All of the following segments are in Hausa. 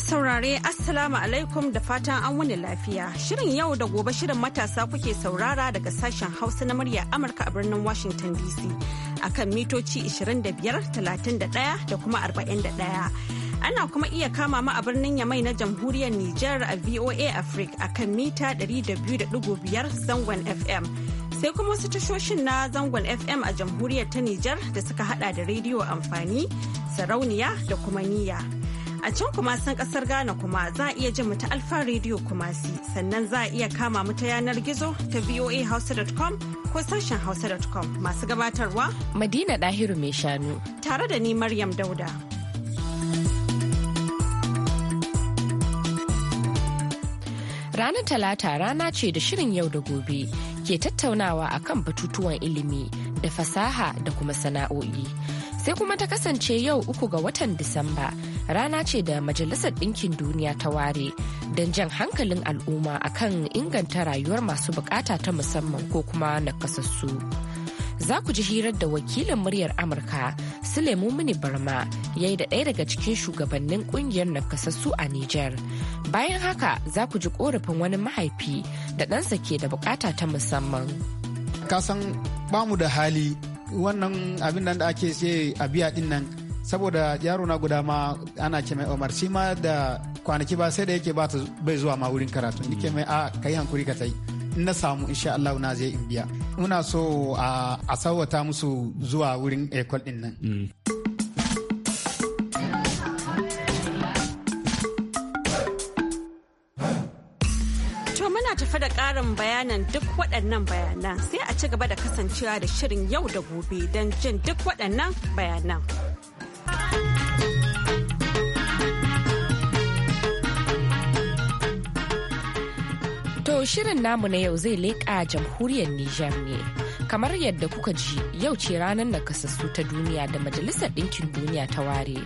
saurare Assalamu alaikum da fatan an wuni lafiya. Shirin yau da gobe shirin matasa kuke saurara daga sashen Hausa na murya Amurka a birnin Washington DC akan mitoci 25, 31 da kuma 41. ana kuma iya kama mu a birnin yamai na jamhuriyar Nijar a VOA Africa akan mita 200.5 zangon FM. Sai kuma wasu tashoshin na zangon FM a jamhuriyar ta Nijar da suka hada da rediyo amfani, sarauniya da kuma niyya. A can kuma san kasar Ghana kuma za a iya jin mu ta Alfa Radio Kumasi sannan za a iya kama mu ta yanar gizo ta voahausa.com ko sashen hausa.com masu gabatarwa. Madina Dahiru mai shanu. Tare da ni Maryam Dauda. Ranar Talata rana ce da shirin yau da gobe ke tattaunawa a kan batutuwan ilimi da fasaha da kuma sana'o'i. Sai kuma ta kasance yau uku ga watan Disamba. rana ce da Majalisar Ɗinkin Duniya ta ware don jan hankalin al'umma akan inganta rayuwar masu bukata ta musamman ko kuma nakasassu. Za ku ji hirar da wakilin muryar Amurka Sulemu Mini Barma ya yi da ɗaya daga cikin shugabannin ƙungiyar nakasassu a Niger. Bayan haka za ku ji ƙorafin wani mahaifi da ɗansa ke da bukata ta musamman. Kasan bamu da hali wannan abin da ake sai a biya ɗin nan saboda yaro na guda ma ana ce mai Omar shi ma da kwanaki ba sai da yake ba ta bai zuwa ma wurin karatu ke mai a kai hankuri ka tai in na samu insha Allah na zai in biya muna so a sawata musu zuwa wurin ekol din nan mm. tafi da ƙarin bayanan duk waɗannan bayanan sai a ci gaba da kasancewa da shirin yau da gobe don jin duk waɗannan bayanan. shirin namu na yau zai leƙa jamhuriyar Nijar ne. Kamar yadda kuka ji yau ce ranar nakasassu ta duniya da Majalisar Ɗinkin Duniya ta ware.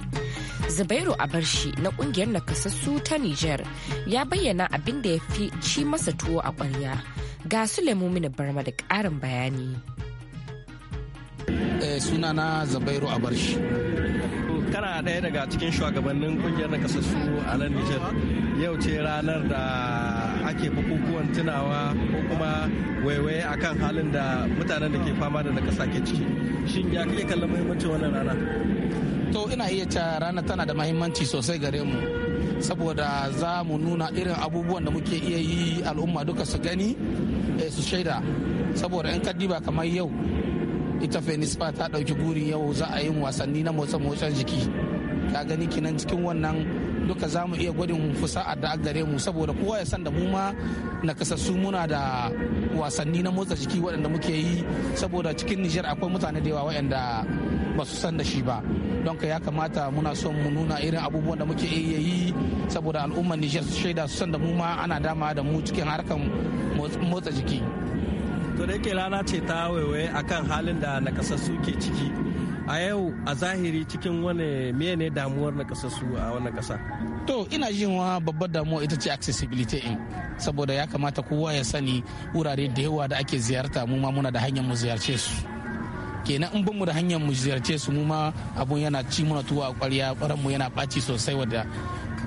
Zubairu Abarshi na ƙungiyar nakasassu ta Nijar ya bayyana abin da ya fi ci masa tuwo a ƙwarya. Ga su Mini Barma da ƙarin bayani. Eh, suna na zabairu a barshi kana ɗaya daga cikin shugabannin kungiyar na kasassu a nan nijar yau ce ranar da ake bukukuwan tunawa ko kuma waiwaye kan halin da mutanen da ke fama da nakasa ke ciki shin ya kake kallon muhimmancin wannan rana to ina iya cewa rana tana da mahimmanci sosai gare mu saboda za mu nuna irin abubuwan da muke iya yi al'umma duka su gani eh, su shaida saboda in ka diba kamar yau ita fenispa ta ɗauki guri yau za a yi wasanni na motsa-motsan jiki ka gani kinan cikin wannan duka za mu iya gwadin fusa'ar da gare mu saboda kowa ya san da mu ma nakasassu muna da wasanni na motsa jiki waɗanda muke yi saboda cikin Nijar akwai mutane da yawa waɗanda ba su san da shi ba don ka ya kamata muna son mu nuna irin abubuwan da muke iya yi saboda al'ummar Nijar su shaida su san da mu ma ana dama da mu cikin harkar motsa jiki. to da yake lalace ce ta waiwaye kan halin da nakasassu ke ciki a yau a zahiri cikin wani mene damuwar nakasassu a wannan kasa to ina jin wa babbar damuwa ita ce accessibility in saboda ya kamata kowa ya sani wurare da yawa da ake ziyarta mu ma muna da hanyar mu ziyarce su kenan in mu da hanyar mu ziyarce su mu ma abun yana ci muna tuwa a kwarya mu yana ɓaci sosai wadda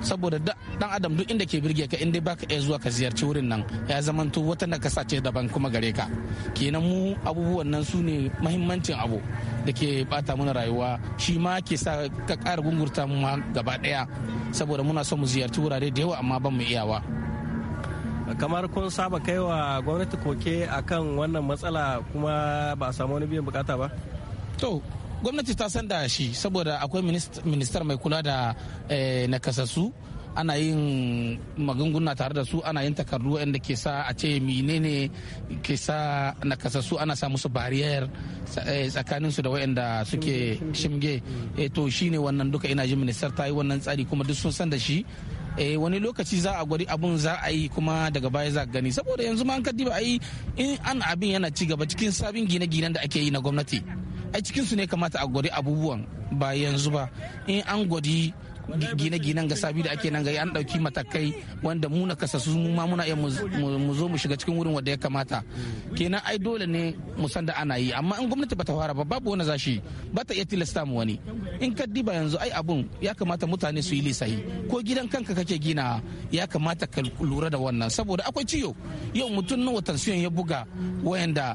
saboda dan adam duk inda ke birge ka inda baka iya zuwa ka ziyarci wurin nan ya zamanto wata na ce daban kuma gare ka kenan mu abubuwan nan su ne mahimmancin abu da ke bata mana rayuwa shi ma ke sa ka kara gungurta mu gaba daya saboda muna son mu ziyarci wurare da yawa amma ban mu iyawa kamar kun saba kaiwa gwamnati koke akan wannan matsala kuma ba a samu wani biyan bukata ba to gwamnati ta san da shi saboda akwai ministar mai kula da eh, nakasassu ana yin magunguna tare da su ana yin takardu inda ke sa a ce menene ke sa nakasassu ana sa musu bariyar eh, tsakanin su da wayanda suke shimge mm. eh, to shine wannan duka ina jin ministar ta yi wannan tsari kuma duk sun san da shi eh, wani lokaci za a gwari abun za a yi kuma daga baya za a gani saboda yanzu ma an kaddi ba a yi in an abin yana ci gaba cikin sabin gine-ginen da ake yi na gwamnati a cikinsu ne kamata a gwadi abubuwan ba yanzu ba in an gwadi gine-ginen ga sabi da ake nan gari an dauki matakai wanda muna kasasu mu ma muna iya mu zo mu shiga cikin wurin wanda ya kamata kenan ai dole ne mu san da ana yi amma in gwamnati bata fara ba babu wani zashi bata iya tilasta mu wani in ka diba yanzu ai abun ya kamata mutane su yi lisahi ko gidan kanka kake gina ya kamata ka lura da wannan saboda akwai ciyo yau mutum nawa tansiyon ya buga wayanda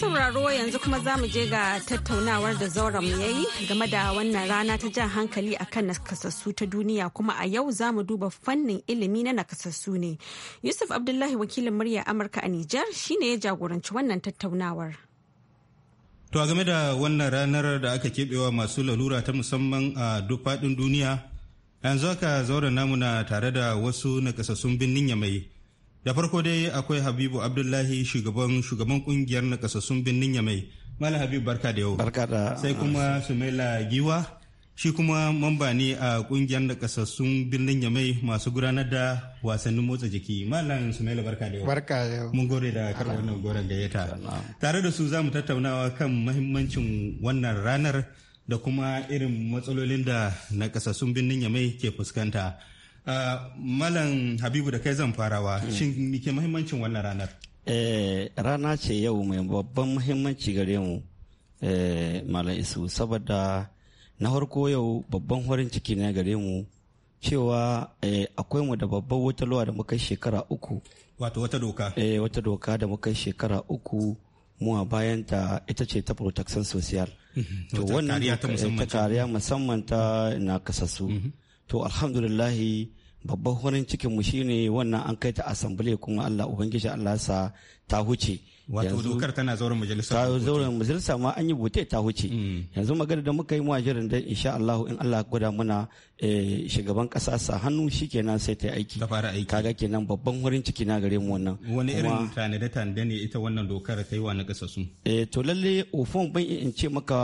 sauraro yanzu kuma za mu je ga tattaunawar da zauren ya yi game da wannan rana ta jan hankali a kan nakasassu ta duniya kuma a yau za mu duba fannin ilimi na nakasassu ne. Yusuf Abdullahi wakilin murya Amurka a Nijar shi ne ya jagoranci wannan tattaunawar. To a game da wannan ranar da aka keɓewa masu lalura ta musamman a duk faɗin duniya, yanzu aka zauren namu na tare da wasu nakasassun birnin Yamai. da farko dai akwai habibu abdullahi shugaban shugaban kungiyar nakasassun birnin yamai malam habibu barka da yau barka da sai kuma sumaila giwa shi kuma mamba ne a kungiyar nakasassun birnin yamai masu gudanar da wasannin motsa jiki malam sumaila barka da yau barka da yau mun gode da karɓar wannan goron gayyata tare da su za mu tattaunawa kan mahimmancin wannan ranar da kuma irin matsalolin da nakasassun birnin yamai ke fuskanta Uh, Malam Habibu da kai zan farawa, shin ke muhimmancin wannan ranar? Eh, rana ce yau mai babban muhimmanci gare mu, eh, Malam Isu, saboda na harko yau babban farin ciki ne gare mu cewa eh, akwai mu da babban wata luwa da muka shekara uku. Wato wata doka? Eh, wata doka da muka shekara uku. mu a bayanta ita ce ta protection social mhm. to wannan ta kariya musamman ta na kasasu mhm. to alhamdulillahi babban horin cikin mu shine wannan an kai ta asambile kuma Allah ubangiji Allah sa ta huce wato dokar tana zauren majalisa ta zauren majalisa ma an yi bute ta huce hmm. yanzu magana da muka yi muhajirin dan insha Allah in Allah gwada muna Eh, shugaban kasa sa hannu kenan sai ta aiki ta fara aiki kaga kenan babban wurin ciki na gare mu wannan wani irin tanade tanade ne ita wannan dokar ta yi wa na kasa su eh to lalle ofon ban in ce maka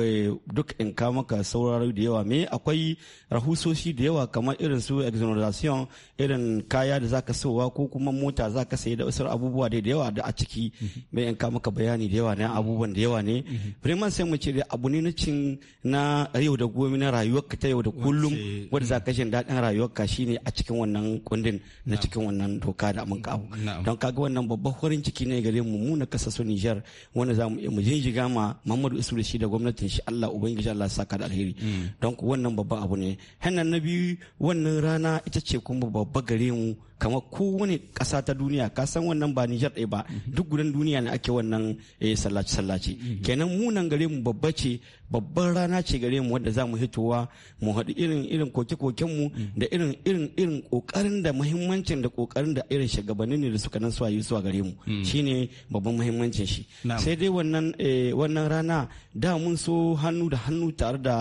eh, duk in ka maka sauraro da yawa me akwai rahusoshi da yawa kamar irin su exoneration irin kaya da zaka sowa ko kuma mota zaka sayi da wasu abubuwa da yawa da a ciki mhm. me in ka maka bayani da yawa na abubuwan da yawa ne freeman mhm. sai mu ce abu ne na cin na yau da gobe na ka ta yau da kullum daban eh, wadda za ka mm. jin daɗin shi ne a cikin wannan kundin na cikin wannan doka da mun kawo don kaga wannan babban farin ciki ne gare mu mu na kasa su Niger wanda za mu mu jinjiga ma Muhammadu Isu da shi da gwamnatin shi Allah ubangiji Allah saka da alheri mm. don wannan babban abu ne hannan na biyu wannan rana ita ce kuma babba gare mu kamar kowane ƙasa ta duniya ka san wannan ba Nijar ɗaya ba duk gudan duniya ne ake wannan eh, sallace sallace kenan mu nan gare mu babba ce babban rana ce gare mu wanda za mu hitowa mu haɗu irin irin koke koken mu da irin irin irin kokarin da muhimmancin da kokarin da irin shugabannin ne da suka nan suwa yi zuwa gare mu hmm. shine babban muhimmancin shi sai dai wannan eh, wannan rana da mun so hannu da hannu tare da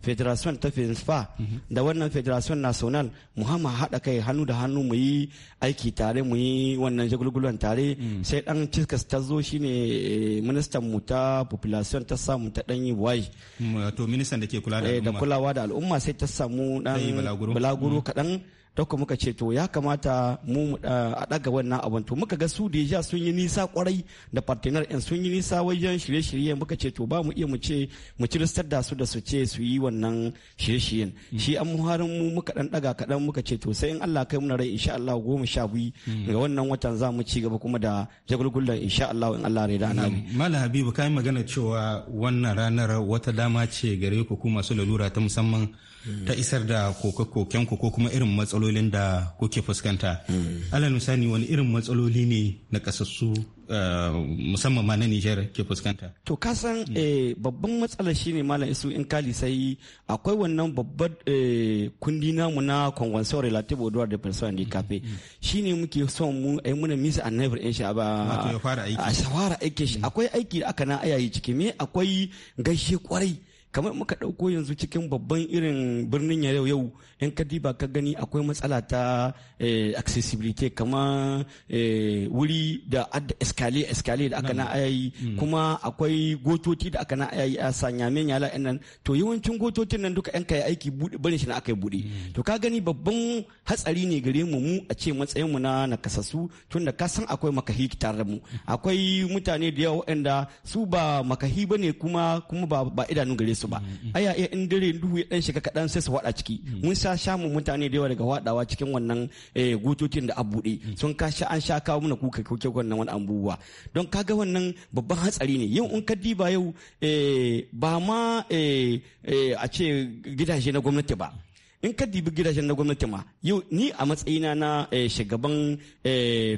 federation ta finspa e hmm. da wannan federation national mu hama haɗa kai hannu da hannu mu yi aiki tare mu yi wannan jagulgulan tare hmm. sai dan tiskas ta zo shine eh, ministan mu ta population ta samu ta dan yi wai to ministan da ke kula da eh, al'umma da kulawa da al'umma sai ta samu dan balaguro kaɗan ta kuma muka ce to ya kamata mu a daga wannan abin to muka ga su deja sun yi nisa kwarai da partner ɗin sun yi nisa wajen shirye-shirye muka ce to ba mu iya mu ce mu ciristar da su da su ce su yi wannan shirye-shiryen mm. shi an muharin mu muka dan daga kaɗan muka ce to sai in Allah kai muna rai insha Allah goma sha biyu mm. ga wannan watan za mu ci gaba kuma da jagulgullan insha Allah in Allah rai da mu Malam Habibu kai magana cewa wannan ranar wata dama ce gare ku kuma masu lalura ta musamman mm. ta isar da koke kokenku ko kuma irin matsaloli matsalolin da kuke fuskanta hmm. alal misali wani irin matsaloli ne na kasassu eh, musamman ma na Nijar ke fuskanta to kasan hmm. eh, babban matsalar ne malam isu in kali sai akwai wannan babbar eh, kundi namu na convention relative au droit de cafe shi ne muke son mu ai muna misa a never in sha ba a fara aiki shi hmm. akwai aiki da aka na ayayi ciki me akwai gaishe kwarai kamar muka ɗauko yanzu cikin babban irin birnin ya yau in ka diba ka gani akwai matsala ta eh, accessibility kamar eh, wuri da adda eskale escalier da aka na ayayi mm. kuma akwai gototi da aka na ayayi a sanya men yala nan to yawancin gototin nan duka yan kai aiki bane shi na aka yi bude mm. to ka gani babban hatsari ne gare mu mu a ce matsayin mu na nakasassu tunda ka san akwai makahi tare da mu akwai mutane da yawa waɗanda su ba makahi bane kuma kuma ba idanun gare su ba mm, aya iya in dare duhu ya dan shiga kadan sai su wada ciki mun ka sha mutane da yawa daga wadawa cikin wannan gutocin eh, da an buɗe sun ka sha an sha kawo mana kuka kuke wannan wani abubuwa don ka ga wannan babban hatsari ne yau in ka diba yau eh, ba ma eh, a ce gidaje na gwamnati ba in ka dibi gidajen na gwamnati ma yau ni a matsayina na shugaban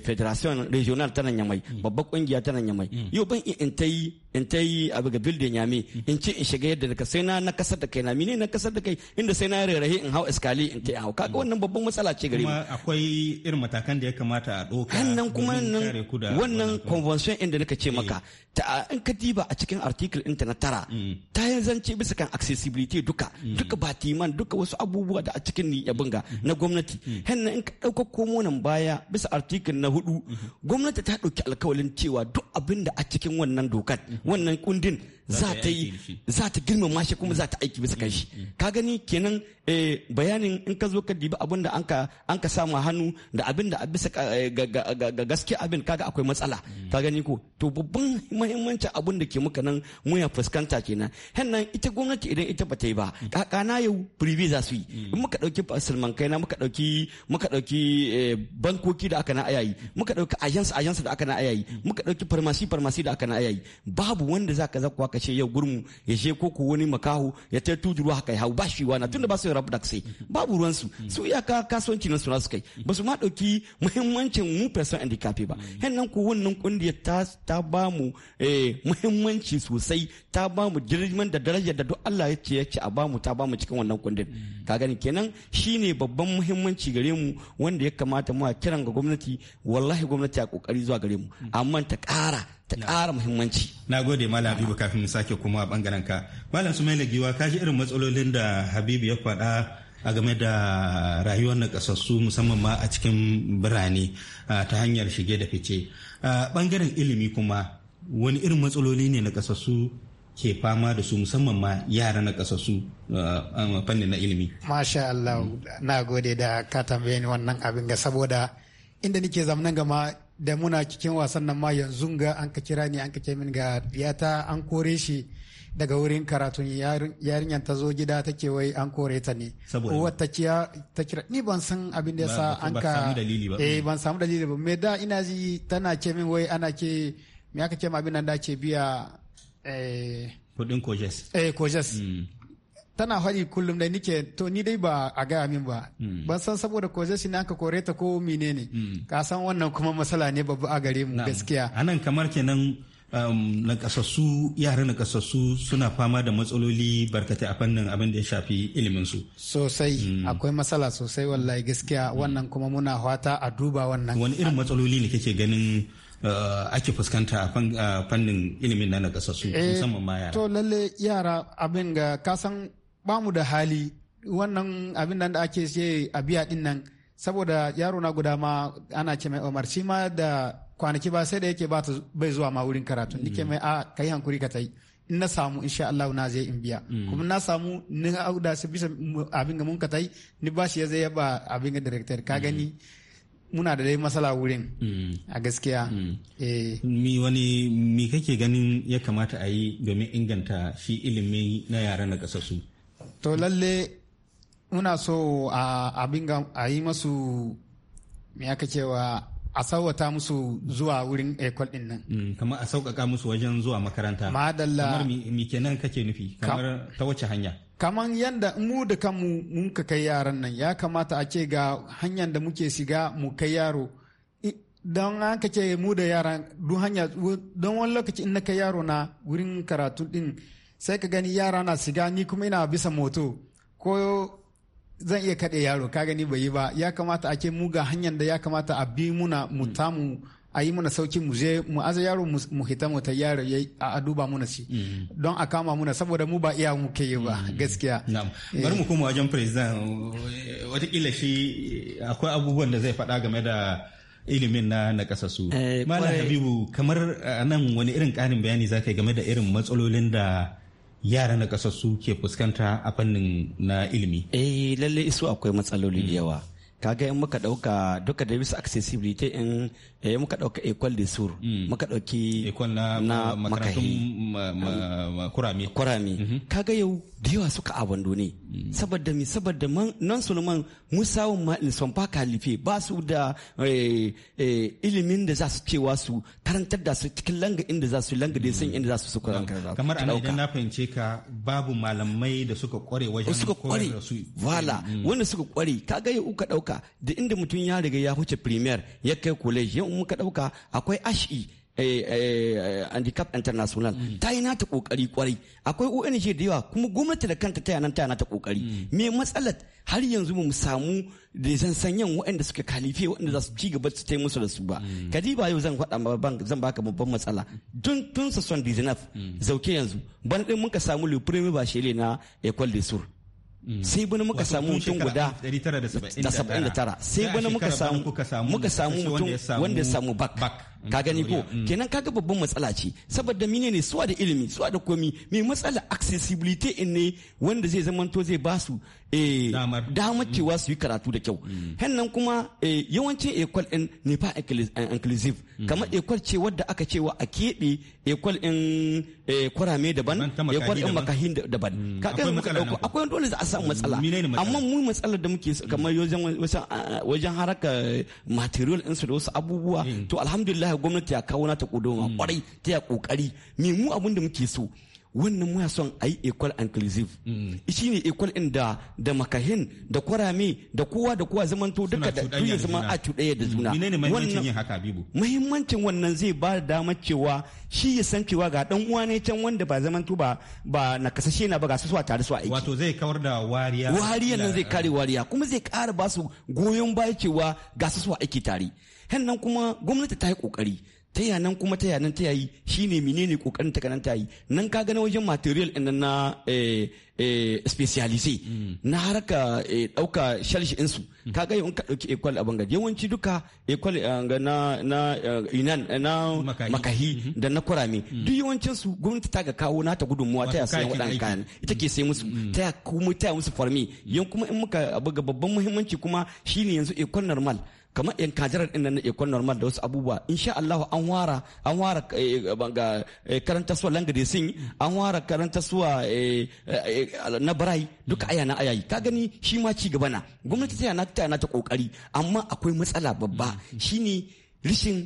federation regional ta nan yamai babbar kungiya ta nan yamai mm. yau ban in ta yi in ta yi abu ga bildin yami in ce in shiga yadda daga sai na na kasar da kai na mine na kasar da kai inda sai na rarrahe in hau iskali in ta hau kaga wannan babban matsala ce gare Kuma akwai irin matakan da ya kamata a doka hannan kuma nan wannan convention inda ka ce eh. maka ta in ka diba a cikin article ta na tara mm. ta yi zance bisa kan accessibility duka mm. duka batiman duka wasu abubuwa da a cikin ni bunga mm-hmm. na gwamnati mm. hannan in ka dauka komo nan baya bisa article na hudu mm-hmm. gwamnati ta dauki alkawalin cewa duk abin da a cikin wannan dokar mm-hmm. wannan kundin za ta yi za ta girmama shi kuma za ta aiki bisa kan shi mm, mm. ka gani kenan eh, bayanin in ka zo ka dibi abin da an ka samu hannu da abin da bisa eh, ga gaske abin kaga akwai matsala mm. ka gani ko to babban muhimmancin abin da ke muka nan mu ya fuskanta kenan hannan ita gwamnati idan ita ba ta yi ba na yau privi za su yi in muka dauki sulman kaina muka dauki muka dauki eh, bankoki da aka na ayayi muka dauki agence agence da aka na ayayi muka dauki farmasi farmasi da aka na ayayi babu wanda za ka zakwa ka kashe yau gurmu ya je ko ko wani makahu ya ta tuduru haka ya hau ba shi wana tunda ba su rabu da kasai babu ruwan su su iyaka kasuwanci nan su na su kai ba su ma dauki muhimmancin mu person handicap ba hannan ko wannan kungiyar ta ta ba mu eh, muhimmanci sosai ta ba mu girman da darajar da duk Allah ya ce ya ce a ba mu ta ba mu cikin wannan kundin ka gani kenan shine babban muhimmanci gare mu wanda ya kamata mu a kiran ga gwamnati wallahi gwamnati a kokari zuwa gare mu amma ta kara ta ƙara muhimmanci. Na gode Malam Habibu kafin sake kuma a bangaren ka. Malam Sumaila Giwa ka ji irin matsalolin da Habibu ya faɗa a game da rayuwar nakasassu musamman ma a cikin birane ta hanyar shige da fice bangaren ilimi kuma wani irin matsaloli ne na ƙasassu ke fama da su musamman ma yara na a fannin na ilimi masha Allah na gode da ka tambaye ni wannan abin ga saboda inda nake zamanin gama da muna cikin wasan nan ma yanzu ga an ka kira ni an ka ce min ga yata an kore shi daga wurin karatun yarinyar ta zo gida ta ke wai an kore ta ne wata kiya ta kira ni ban san abin da yasa an ka eh mm. ban samu dalili ba me da ina ji tana ce min wai ana ke me aka ce ma abin nan da ke biya eh kudin kojes eh kojes tana hari kullum dai nike to ni dai ba a gaya min ba hmm. ban san saboda zai shine aka kore ta ko menene hmm. ka san wannan kuma matsala ne babba a gare mu gaskiya anan kamar kenan um, na kasassu yaran na kasassu suna fama da matsaloli barkata a fannin abin da ya shafi ilimin su sosai hmm. akwai matsala sosai wallahi gaskiya wannan kuma muna fata a duba wannan wani irin matsaloli ne kake ganin uh, ake fuskanta a fannin ilimin na na kasassu eh, musamman ma yara to lalle yara abin ga kasan ba mu da hali wannan abin nan da ake ce a biya din nan saboda yaro na guda ma ana ce mai Omar shi ma da kwanaki ba sai da yake bai zuwa ma wurin karatu mm. nike mai a kai hankuri ka tai in na samu insha Allah na zai in biya mm. kuma na samu ni auda su bisa abin ga mun ka tai ni ba shi ya zai yaba abin ga director ka mm. gani muna da dai matsala wurin a gaskiya eh. mi wani mi kake ganin ya kamata a yi domin inganta shi ilimi na yara na kasasu to lalle muna so a abin a yi masu me aka cewa a sauwata musu zuwa wurin ekol din nan. Mm, kamar a sauƙaƙa musu wajen zuwa makaranta. Madalla. Kamar mi kenan kake nufi? Kamar ta wace hanya? Kamar yadda mu da kanmu mun ka kai yaran nan ya kamata a ce ga hanyar da muke shiga mu kai yaro. Don an ka ce mu da yaran duk hanya don wani lokaci in na kai yaro na wurin karatu din sai ka gani yara na shiga ni kuma ina bisa moto ko zan iya kaɗe yaro ka gani bai yi ba ya kamata ake muga hanyar da ya kamata a bi muna mu mm. a yi muna sauki mu je mu aza yaro mu hita mu ta yaro a duba muna ci mm. don a kama muna saboda mu ba iya muke yi ba mm. gaskiya eh. bari mu koma wajen president watakila shi akwai abubuwan da zai faɗa game da ilimin na na kasasu eh, malam habibu kamar nan wani irin ƙarin bayani zaka game da irin matsalolin da yara na ƙasar su ke fuskanta a fannin na ilimi? Eh lalle isu akwai matsaloli da yawa. kaga in muka dauka duka da bisa accessibility in eh muka dauka equal de sur hmm. muka dauki equal na makarantun kurami kurami mhm. kaga yau da yawa suka ne hmm. saboda mi saboda nan man musawu ma in son faka life ba su da eh, eh, ilimin da za su cewa su karantar da su cikin langa inda za su langa da san hmm. inda za su su karanta kamar an idan na fahimce ka babu malamai da suka kware wajen suka kware wala wanda suka kware kaga yau ka dauka ɗauka da inda mutum ya riga ya huce premier ya kai college yau muka ɗauka akwai ashi e, eh, eh, handicap international mm. ta yi nata kokari kwarai akwai ong da yawa kuma gwamnati da kanta ta nan ta nata kokari mm. me matsalar har yanzu mu samu da zan sanyan waɗanda suka kalife waɗanda za su ci gaba su taimusu da su ba mm. kadiba yau zan faɗa zan baka babban matsala tun tun sa son dizinaf zauke yanzu ban din muka samu le premier bachelier na ecole de sur Mm. sai bana muka samu mutum guda da 79 sai bana muka samu mutum wanda ya samu bak ka gani ko mm. kenan kaga babban matsala ce saboda mine ne suwa da ilimi suwa da komi me matsala accessibility in ne wanda zai zamanto zai ba su eh, damar mm. cewa su yi karatu da kyau mm. hannan kuma eh, yawanci ekwal in ne fa inclusive kamar ekwal ce wadda aka cewa a keɓe ekwal in eh, kwarame daban ekwal in makahin daban kaga muka dauko akwai dole za a samu matsala amma mu matsalar da muke kamar wajen haraka material su da wasu abubuwa to alhamdulillah za gwamnati ya kawo nata kudoma mm. kwarai ta ya kokari me mu abin da muke so wannan muna son a yi equal inclusive mm. shi ne equal in da da makahin da kwarame da kowa da kowa zamanto duka da duniya zama a cuɗaya da juna muhimmancin wannan zai ba da damar cewa shi ya san cewa ga dan uwa ne can wanda ba zamanto ba ba na kasashe na ba ga su a tare su a aiki wato zai kawar da wariya wariya nan zai kare wariya kuma zai ƙara ba su goyon baya cewa ga su a aiki tare hannan kuma gwamnati ta yi kokari ta ya nan kuma ta ya nan ta yayi shine menene kokarin ta kanan ta yi nan ka gani wajen material ɗin na eh, eh, specialise na harka eh, ɗauka shalshi su. ka ga in ka ɗauki ekwal a bangar yawanci duka ekwal na na inan na makahi mhm. da na kurame mhm. duk yawancin su gwamnati ta ga kawo nata gudunmuwa ta ya sayan waɗannan kayan ita ke sai musu mhm. ta ya kuma ta ya musu farmi yan kuma in muka abu ga babban muhimmanci kuma shine yanzu ekwal normal kamar yan kajirar din nan na ekon normal da wasu abubuwa insha Allah an wara an wara eh, eh, ga eh, karanta suwa langa da sin an wara karanta suwa na barai duka aya na ayayi ka gani shi ma ci gaba na gwamnati ta yana ta ta kokari amma akwai matsala babba mm. shine rishin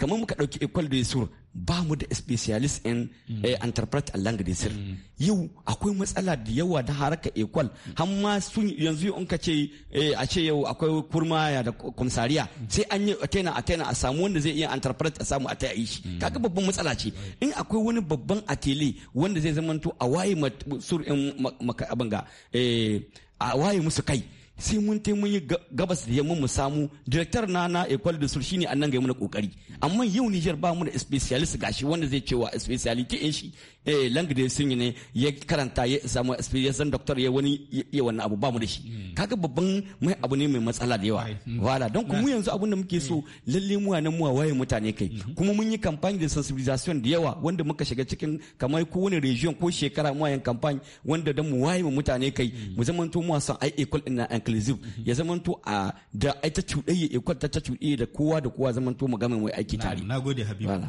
kamar muka dauki ekwal da sur ba mu da specialist in mm. eh, interpret a language sir mm. yau akwai matsala da yawa da haraka equal har ma sun yanzu in ka ce eh, a ce yau akwai kurmaya da kumsariya sai an yi atena atena a samu wanda zai iya interpret a samu a ta yi shi mm. kaga babban matsala ce in akwai wani babban atele wanda zai zamanto a waye sur eh, a waye musu kai sai mun tai mun yi gabas da yamma mu samu director na na ecole de sul shine annan ga na kokari amma yau Niger ba mu da specialist gashi wanda zai cewa speciality in shi eh da de sinye ne ya karanta ya samu experience doctor ya wani ya wani abu ba mu da shi hmm. kaga babban mai abu ne mai matsala da yawa wala hmm. don mu hmm. yanzu abun da muke so lalle mu nan mu waye mutane kai kuma mun yi campaign da sensibilisation da yawa wanda muka shiga cikin kamar ko wani region ko shekara mu yan campaign wanda dan mu waye mu mutane kai mu to mu san ai equal and inclusive ya to a da ai ta cuɗayya equal ta ta cuɗayya da kowa da kowa to mu ga mai aiki tare nagode habibu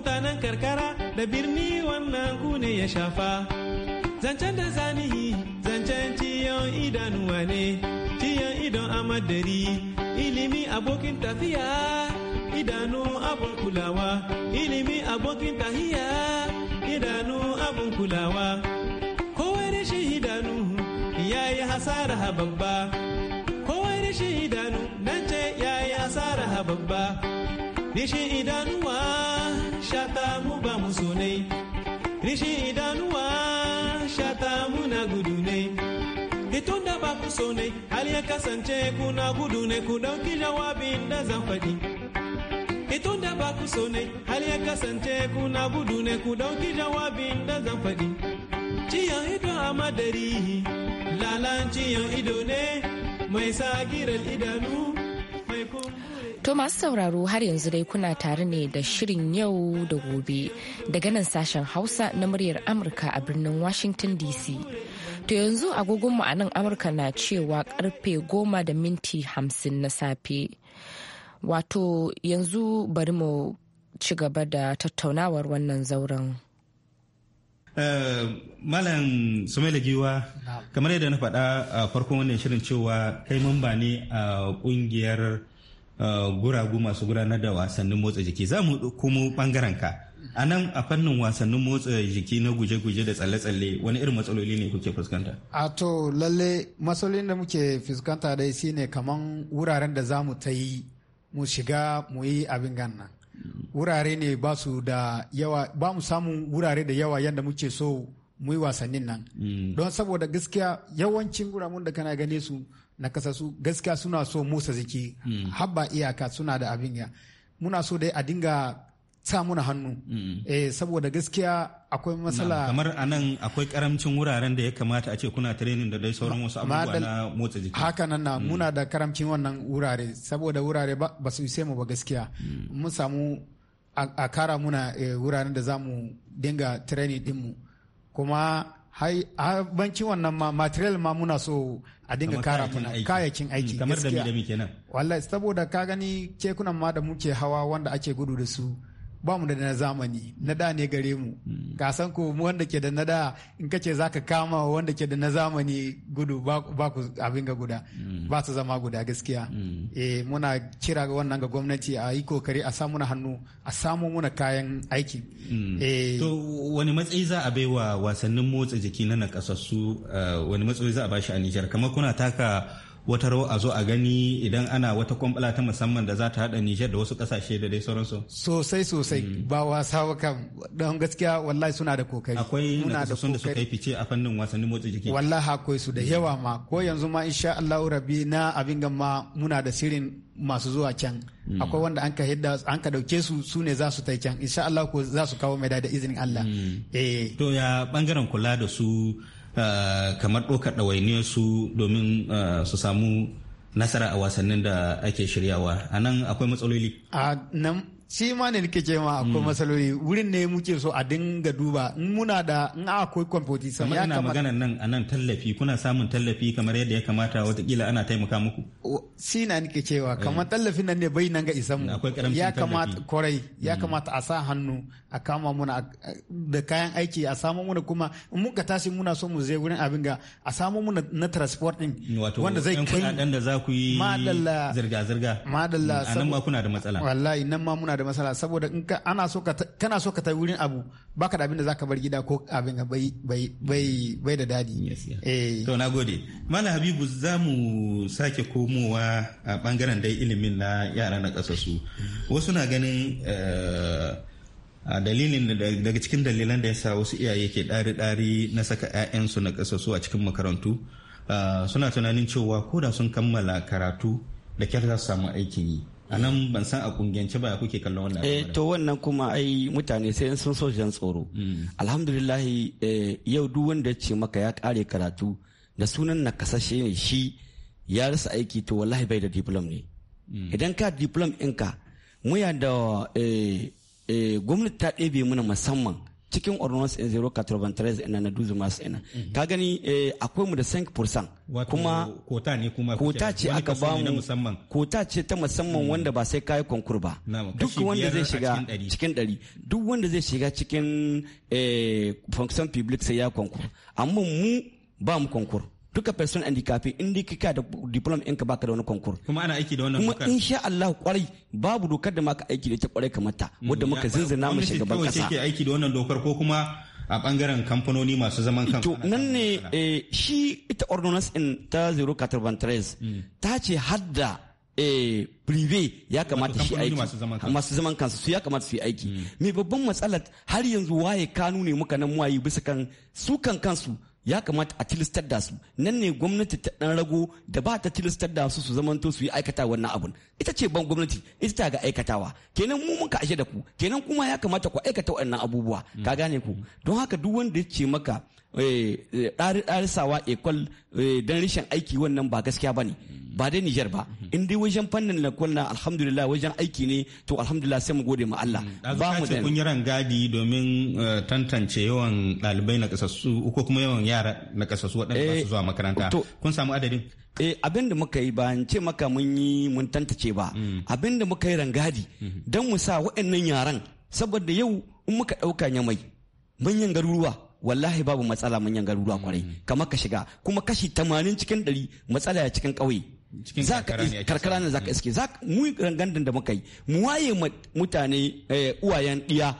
mutanen karkara da birni wannan ku ne ya shafa. Zancen da zanihi zancen ciyon idanuwa ne, ciyon idon amadari, ilimi abokin tafiya, idanu abun kulawa, ilimi abokin tahiya, idanu abun kulawa. Kowai shi idanu ya yi hasara babba, kowai rashin idanu nan ce ya yi hasara babba. rishin idanuwa shata mu ba mu so ne rishin idanuwa shata muna gudu ne itun da ba ku so ne hal ya kasance na gudu ne ku dauki jawabin da zan faɗi itun da ba ku so ne hal ya kasance na gudu ne ku dauki jawabin da zan faɗi ciyan ido a madari lalan ciyan ido ne mai sagirar idanu mai kuma To masu sauraro har yanzu dai kuna tare ne da shirin yau da gobe daga nan sashen Hausa na muryar Amurka a birnin Washington DC. To yanzu agogonmu a nan Amurka na cewa karfe goma da minti hamsin na safe. Wato yanzu bari mu ci gaba da tattaunawar wannan zauren. Eh, Malam Sumaila Giwa, kamar yadda na faɗa a farkon wannan shirin cewa kai mamba ne a ƙungiyar Uh, guragu masu gudanar da wasannin motsa jiki za mu komo bangaren ka a nan a fannin wasannin motsa jiki na guje-guje da tsalle-tsalle wani irin matsaloli ne kuke fuskanta a to lalle matsalolin da muke fuskanta dai ne kaman wuraren da za mu ta yi mu shiga mu yi abin ganna wurare ne ba su da yawa ba mu samun wurare da yawa yadda muke so mu yi wasannin nan mm. don saboda gaskiya yawancin guramun da kana gane su na kasa su gaskiya suna so motsa jiki mm. habba iyaka suna da abin ya muna so dai a dinga sa muna hannu mm. eh saboda gaskiya akwai matsala kamar anan akwai karamcin wuraren da ya kamata a ce kuna training da dai sauran wasu abubuwa na motsa jiki haka nan na muna da karamcin wannan wurare saboda wurare ba su sai mu ba gaskiya mun samu a kara muna eh, wuraren da za mu dinga training dinmu mu kuma banci wannan ma material ma muna so a dinga kara muna kayakin hmm, aiki kamar da mi kenan wallahi saboda ka gani kekunan ma da muke hawa wanda ake gudu da su ba mu da na zamani na da ne gare mu hmm. ka san ko mu wanda ke da na da in ka ce zaka kama wanda ke da na zamani gudu ba ku abin ga guda hmm. ba su zama guda gaskiya hmm. eh muna kira ga wannan ga gwamnati a yi kokari a samu na hannu a samu muna kayan aiki eh, to wani matsayi za a baiwa wasannin motsa jiki na nakasassu eh, wani matsayi za a bashi a Niger kamar kuna taka wata rawa a zo a gani idan ana wata kwambala ta musamman da za ta haɗa Nijar da wasu ƙasashe da dai sauransu. Sosai sosai mm. ba wasa ba kam don gaskiya wallahi suna da kokari. Akwai nakasassun da suka yi fice a fannin wasannin motsa jiki. Wallahi akwai su da mm. yawa ma ko yanzu ma insha Allah rabi na abin ma muna da sirin masu zuwa can mm. akwai wanda an ka hidda an ka dauke su su ne za su tai can insha Allah ko za su kawo mai da izinin Allah. Eh. To ya bangaren kula da su Eh, kamar ɗaukar ɗawainiyar su domin eh, su samu nasara a wasannin da ake shiryawa a nan akwai matsaloli a nan shi ma ne nake ce ma akwai hmm. matsaloli wurin ne muke so a dinga duba in muna da in akwai kwamfoti sama ya kamata maganan nan a nan tallafi kuna samun tallafi kamar yadda ya kamata watakila ana taimaka muku shi na nake cewa eh. kamar tallafin nan ne bai nan ga isa mu mm, ya kamata kwarai ya mm. kamata a sa hannu a kama muna da kayan aiki a samu muna kuma in muka tashi muna so mu je wurin abin ga a samu muna na transport din wanda zai kai da zirga-zirga madalla mm, a nan ma kuna da matsala wallahi nan ma muna da matsala saboda in ana so kana so ka tafi wurin abu baka da abin da zaka bar gida ko abin bai da dadi eh to gode mallam habibu zamu sake komowa a bangaren dai ilimin na yara na kasasu wasu na ganin eh, a dalilin daga cikin dalilan da ya sa wasu iyaye ke dari dari na saka 'ya'yansu na kasasu a cikin makarantu eh, suna tunanin cewa ko da sun kammala karatu da kyar za su samu aikin yi a nan ban san a kungiyance ba kuke kallon wannan eh to wannan kuma ai mutane sai sun so jan tsoro mm. alhamdulillah eh, yau duk wanda ce maka ya kare karatu da sunan na kasashe ne shi ya rasa aiki to wallahi bai da diplom ne mm. idan ka diplom ɗinka muya da eh, eh, gwamnati ta ɗebe mana musamman cikin ordinance 093 ina na duzu masu ina mhm. ka gani eh, akwai mu da 5% kuma kota ne kuma kota ce aka ba mu kota ce ta musamman mhm. wanda ba sai kai konkur ba duk wanda zai shiga cikin ɗari duk wanda zai shiga cikin eh, function public sai ya konkur amma mu ba mu konkur duka person handicapé in dai kika da diploma ka baka da wani konkur kuma ana aiki da wannan kuma insha Allah kwarai babu dokar da maka aiki da ita kwarai kamar ta wanda muka mm, zinzina mu shugaban kasa ke aiki da wannan dokar ko kuma a bangaren kamfanoni masu zaman kansu nan ne eh, shi ita ordinance in ta 093 mm. ta ce hadda eh, prive ya kamata shi aiki masu zaman kansu su ya kamata su yi aiki mm. Me babban matsalar har yanzu waye kanu ne muka nan muwayi bisa kan su kan kansu ya kamata a tilistar da su nan ne gwamnati ta dan rago da ba ta tilistar da su su zamanto su yi aikata wannan abun ita ce ban gwamnati ita ta ga aikatawa kenan mu muka ashe da ku kenan kuma ya kamata ku aikata wannan abubuwa ka gane ku don haka duk wanda ya ce maka Eh, eh, ɗarisawa ekol eh, don rashin aiki wannan ba gaskiya ba ne ba dai Nijar ba in dai wajen fannin na kunna alhamdulillah wajen aiki ne to alhamdulillah sai mu gode ma Allah hmm, ba mu da kun yi rangadi domin tantance yawan ɗalibai na kasassu ko kuma yawan yara na kasassu waɗanda ba su zuwa makaranta kun samu adadin eh abin da muka yi ba ce maka mun yi mun tantace ba hmm. abin da muka yi rangadi hmm. don mu sa waɗannan yaran saboda yau in muka ɗauka nyamai manyan garuruwa wallahi babu matsala manyan garuruwa mm. kwarai kamar ka shiga kuma kashi 80 cikin 100 matsala ya cikin ƙauye karkara ne za ka mm. iske mu rangandan da muka yi mu waye mutane eh, uwayen ɗiya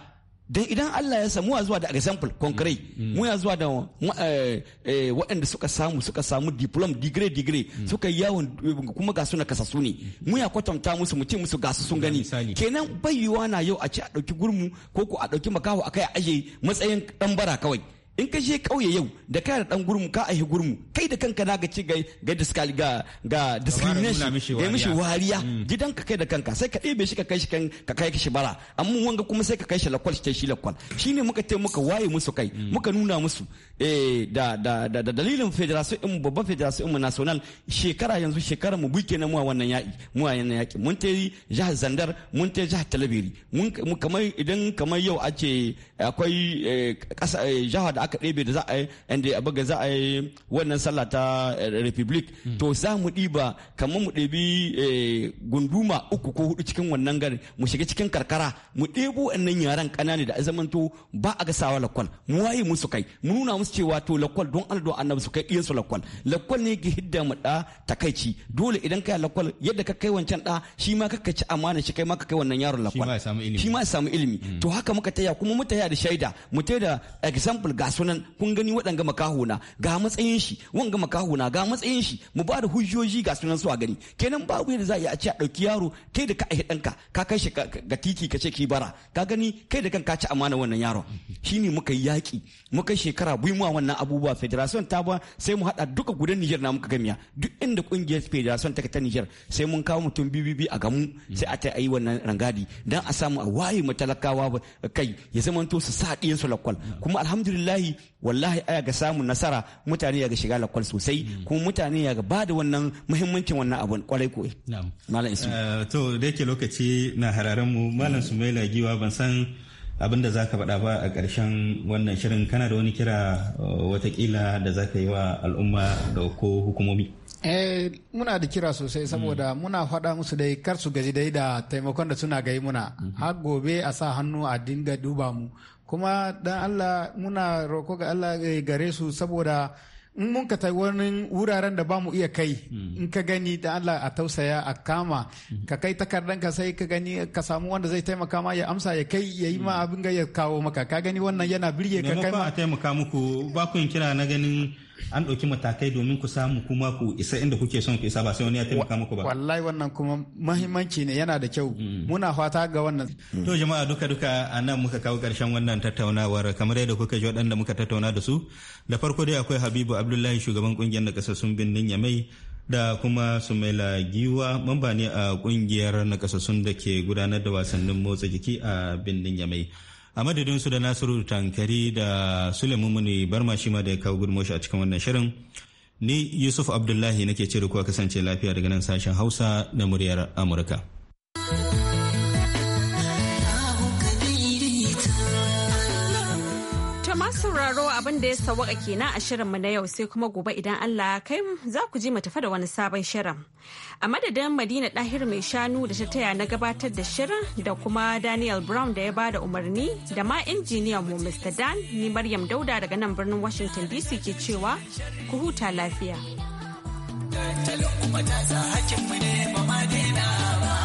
dan idan Allah ya samu zuwa da example concrete mm. mu ya zuwa da eh, eh, waɗanda suka samu suka samu diploma degree degree mm. suka yawon kuma ga suna kasasu ne mm. mu ya kwatanta musu mu ce musu ga sun gani kenan bayyuwa na yau a ce a ɗauki gurmu ko ko a ɗauki makaho kai a aje matsayin ɗan bara kawai in ka je kauye yau da kai da dan gurmu ka ahi gurmu kai da kanka na ga ci ga ga ga discrimination ga mishi wariya mm. Gidan ka kai da kanka sai ka ɗebe shi ka kai shi kan ka kai shi bara amma wanga kuma sai ka kai shi lakwal shi shi lakwal shine muka te muka waye musu kai mm. muka nuna musu eh da da da dalilin federation din babban federation mu national shekara yanzu shekara mu buke na mu wannan yaki mu a wannan yaki mun te jihar Zandar mun te jihar Talabiri mun kamar idan kamar yau a ce akwai kasa eh, eh, jihar da aka ɗebe da za a yi yadda ya baga za a yi wannan sallah ta eh, republic hmm. to za mu ɗiba kamar mu ɗebi eh, gunduma uku ko hudu cikin wannan gari mu shiga cikin karkara mu ɗebo wannan yaran ƙanane da to ba a sawa lakwal mu waye musu kai mu nuna musu cewa to lakwal don Allah don annabi su kai iyan su lakwal lakwal ne ke hidda mu da takaici dole idan kai lakwal yadda ka kai wancan da shi ma kaka ci amana shi kai ma ka kai wannan yaron lakwal shi ma ya samu ilimi hmm. to haka muka taya kuma mu taya da shaida mu taya da example ga sunan kun gani waɗanga makaho na ga matsayin shi wanga makaho na ga matsayin shi mu ba da hujjoji ga sunan su a gani kenan babu yadda za a ce a ɗauki yaro kai da ka aihe ɗanka ka kai shi ga titi ka ce ki bara ka gani kai da ka ci amana wannan yaron shine muka yi yaƙi muka shekara biyu mu wannan abubuwa federation ta ba sai mu haɗa duka gudan Niger na muka gamiya duk inda kungiyar federation ta ta Niger sai mun kawo mutum bibi a gamu sai a ta yi wannan rangadi dan a samu a waye matalakawa kai ya zamanto su sa ɗiyan su lakwal kuma alhamdulillah wallahi wallahi aya ga samun nasara mutane ya ga shiga lakwal sosai hmm. kuma mutane ya ga bada wannan muhimmancin wannan abun kwarai ko eh. malam isu eh, to da yake lokaci na hararen mu malam sumaila giwa ban san abin da za ka faɗa ba a karshen wannan shirin kana da wani kira eh, watakila da za ka yi wa al'umma da ko hukumomi eh muna da kira sosai hmm. saboda muna faɗa musu dai kar su gaji dai da taimakon da suna gai muna hmm. har gobe a sa hannu a dinga duba mu kuma dan Allah muna roko ga Allah eh, gare su saboda in mun ka wani wuraren da ba mu iya kai mm. in ka gani da Allah a tausaya a kama mm. ka kai takardan ka sai ka gani ka samu wanda zai taimaka ma ya amsa ya kai ya yi ma mm. abin ga ya kawo maka ka gani wannan yana birge ka kai ma ba ku kira na ganin an ɗauki matakai domin ku samu kuma ku isa inda kuke son ku isa ba sai wani ya taimaka muku ba wallahi wannan kuma mahimmanci ne yana da kyau mm. muna fata ga wannan mm. to jama'a duka duka a nan muka kawo ƙarshen wannan tattaunawar kamar yadda kuka ji waɗanda muka tattauna da su da farko dai akwai habibu abdullahi shugaban kungiyar na bin ninya yamai da kuma sumaila giwa mamba ne a kungiyar nakasassun da ke gudanar da wasannin motsa jiki a bindin yamai a madadin su da nasiru tankari da suleiman muni ma shi ma da ya kawo gudunmashi a cikin wannan shirin ni yusuf abdullahi nake ce da kuwa kasance lafiya daga nan sashen hausa na muryar amurka abin da ya sawaka kenan a shirin mu na yau sai kuma gobe idan Allah ya kai mu za ku ji mu tafa da wani sabon shirin. A madadin Madina Dahir mai shanu da ta taya na gabatar da shirin da kuma Daniel Brown da ya bada umarni da ma injiniyan mu Mr. Dan ni Maryam Dauda daga nan birnin Washington DC ke cewa ku huta lafiya. Talon kuma ta sa hakkin ne ba ma ba.